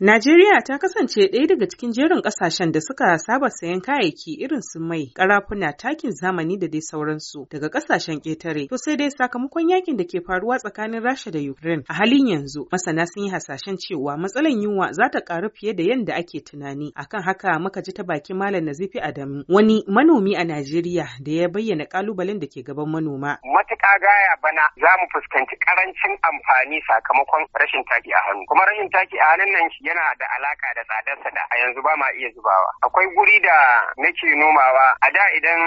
Najeriya ta kasance ɗaya daga cikin jerin ƙasashen da suka saba sayan kayayyaki irin su mai, ƙarafuna takin zamani da dai sauransu daga ƙasashen ƙetare. To sai dai sakamakon yakin da ke faruwa tsakanin Rasha da Ukraine a halin yanzu masana sun yi hasashen cewa matsalar yunwa za ta ƙaru fiye da yadda ake tunani. Akan haka muka ji ta bakin Malam Nazifi Adamu, wani manomi a Najeriya da ya bayyana ƙalubalen da ke gaban manoma. Matuƙa gaya bana za mu fuskanci ƙarancin amfani sakamakon rashin taki a hannu. Kuma rashin taki a hannun nan yana da alaka da tsadarsa da a yanzu ba ma iya zubawa akwai guri da nake nomawa a da idan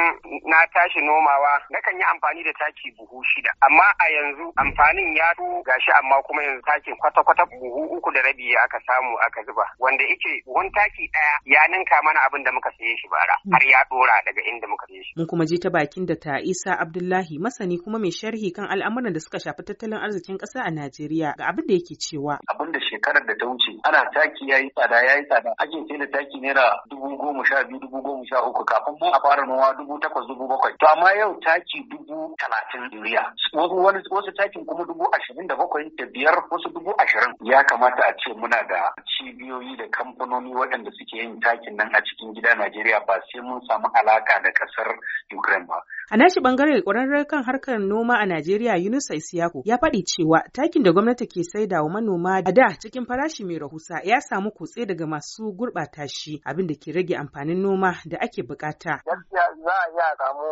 na tashi nomawa nakan yi amfani da taki buhu shida amma a yanzu amfanin ya tu gashi amma kuma yanzu takin kwata-kwata buhu uku da rabi aka samu aka zuba wanda yake buhun taki ɗaya ya ninka mana abin da muka saye shi bara har ya dora daga inda muka saye shi mun kuma je ta bakin da ta Isa Abdullahi masani kuma mai sharhi kan al'amuran da suka shafi tattalin arzikin ƙasa a Najeriya ga abin da yake cewa abin shekarar da ta wuce ana taki ya yi tsada ya yi tsada ake sai da taki naira dubu goma sha biyu dubu goma sha uku kafin mu a fara noma dubu takwas dubu bakwai to amma yau taki dubu talatin yuriya wasu wasu takin kuma dubu ashirin da bakwai da biyar wasu dubu ashirin ya kamata a ce muna da cibiyoyi da kamfanoni waɗanda suke yin takin nan a cikin gida Najeriya ba sai mun samu alaka da ƙasar Ukraine ba. A nashi bangare ƙwararren kan harkar noma a Najeriya Yunusa Isiyaku ya faɗi cewa takin da gwamnati ke saida wa manoma a da cikin farashi mai rahusa ya samu kutse daga masu gurɓata shi abin da ke rage amfanin noma da ake buƙata. Gaskiya za a iya samu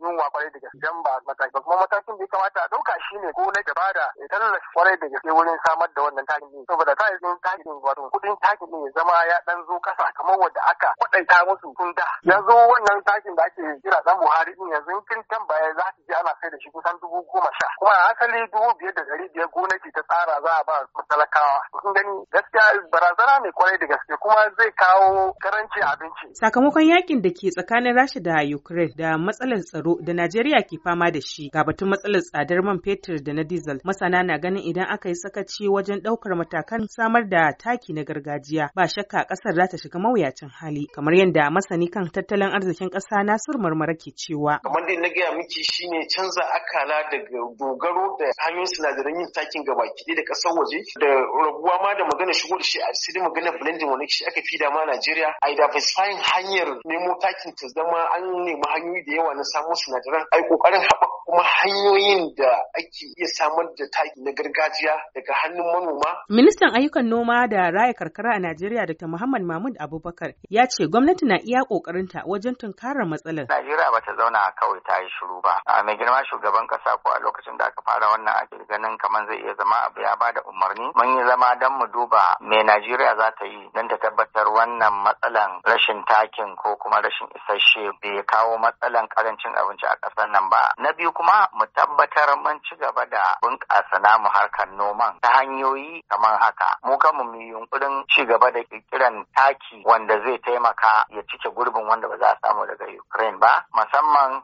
yunwa kwarai da gaske dan ba mataki ba kuma matakin da ya kamata a ɗauka shi ne ko na gaba da tallafi kwarai da gaske wurin samar da wannan takin ne saboda takin takin wato kuɗin takin ne zama ya ɗan zo kasa kamar wanda aka kwaɗaita musu tun da yanzu wannan takin da ake kira ɗan Buhari ɗin yanzu in kun tambaya za su ana sai da shi kusan dubu goma sha kuma a asali dubu biyar da ɗari biyar gwamnati ta tsara za a ba talakawa kun gani gaskiya barazana mai kwarai da gaske kuma zai kawo karanci abinci sakamakon yakin da ke tsakanin rasha da ukraine da matsalar tsaro da najeriya ke fama da shi ga batun matsalar tsadar man fetur da na diesel masana na ganin idan aka yi sakaci wajen ɗaukar matakan samar da taki na gargajiya ba shakka ƙasar za ta shiga mawuyacin hali kamar yadda masani kan tattalin arzikin ƙasa nasur marmara ke cewa kamar dai na gaya miki shine canza akala daga dogaro da hanyoyin sinadaran yin takin gaba baki da kasar waje da rabuwa ma da magana shigo da shi a sai magana blending wani shi aka fi dama Najeriya a diversifying hanyar nemo takin ta zama an nemi hanyoyi da yawa na samo sinadaran ai kokarin haɓaka kuma hanyoyin da ake iya samar da taki na gargajiya daga hannun manoma. Ministan ayyukan noma da raya karkara a Najeriya Dr. Muhammad Mahmud Abubakar ya ce gwamnati na iya ta wajen tunkarar matsalar. Najeriya ba ta zauna kawai ta yi shiru ba. A mai girma shugaban kasa ko a lokacin da aka fara wannan ake ganin kamar zai iya zama abu ya bada umarni. Mun yi zama don mu duba me Najeriya za ta yi don ta tabbatar wannan matsalan rashin takin ko kuma rashin isasshe bai kawo matsalan karancin abinci a ƙasar nan ba. Na biyu kuma mu tabbatar mun ci gaba da bunƙasa namu harkar noman ta hanyoyi kamar haka. Mu kama mu yunkurin ci gaba da kirkiran taki wanda zai taimaka ya cike gurbin wanda ba za a samu daga Ukraine ba. Musamman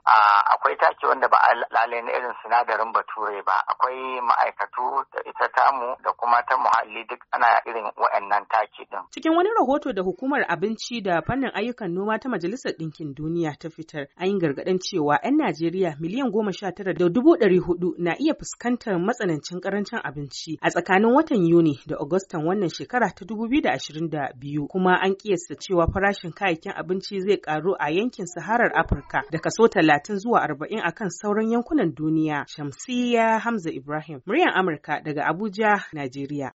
akwai taki wanda ba lalai na irin sinadarin bature ba. Akwai ma'aikatu da ita tamu da kuma ta muhalli duk ana irin wa'annan taki din. Cikin wani rahoto da hukumar abinci da fannin ayyukan noma ta Majalisar Ɗinkin Duniya ta fitar, an yi gargaɗin cewa 'yan Najeriya miliyan goma sha tara hudu na iya fuskantar matsanancin karancin abinci a tsakanin watan Yuni da Agustan wannan shekara ta dubu biyu kuma an kiyasta cewa farashin kayayyakin abinci zai karu a yankin Saharar Afirka da kaso talatin zuwa arba'in kan sauran yankunan duniya. Shamsiyya Hamza Ibrahim, muryar Amurka daga Abuja, Najeriya.